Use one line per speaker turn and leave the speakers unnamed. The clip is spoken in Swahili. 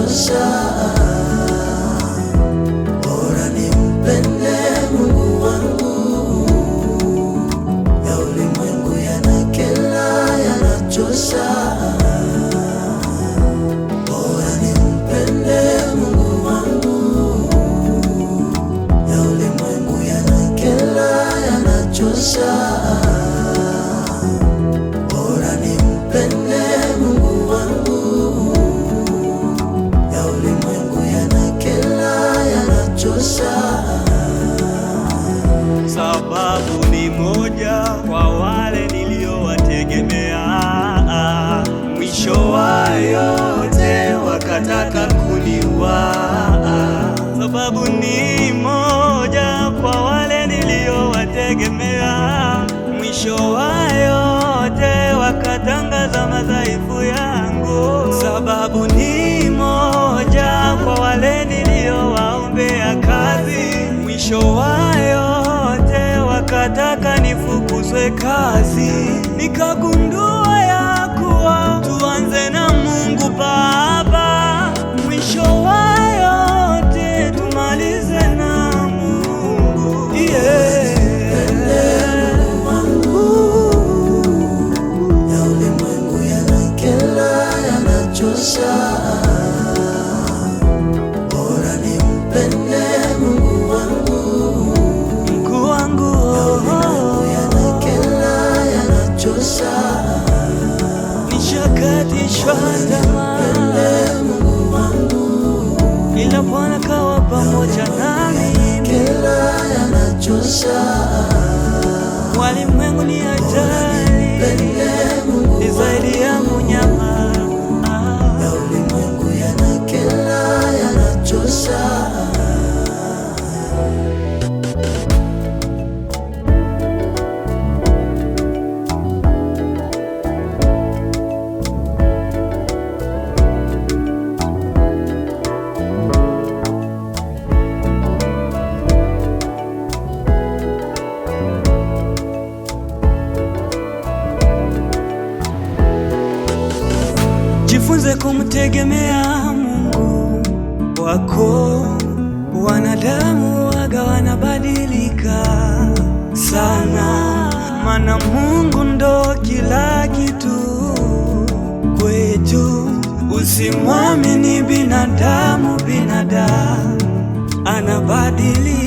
yourself.
nataka kuliwa, sababu ni moja kwa wale niliowategemea. Mwisho wa yote wakatangaza madhaifu yangu, sababu ni moja kwa wale niliowaombea kazi. Mwisho wa yote wakataka nifukuzwe kazi, nikagundua
kuchosha. Bora nimpende Mungu wangu,
Mungu wangu,
yanachosha,
nishakatishwa tamaa. ila Bwana kawa pamoja nami,
yanachosha,
walimwengu ni hatari kumtegemea Mungu wako. Wanadamu waga wanabadilika sana, mana Mungu ndo kila kitu kwetu. Usimwamini binadamu, binadamu anabadilika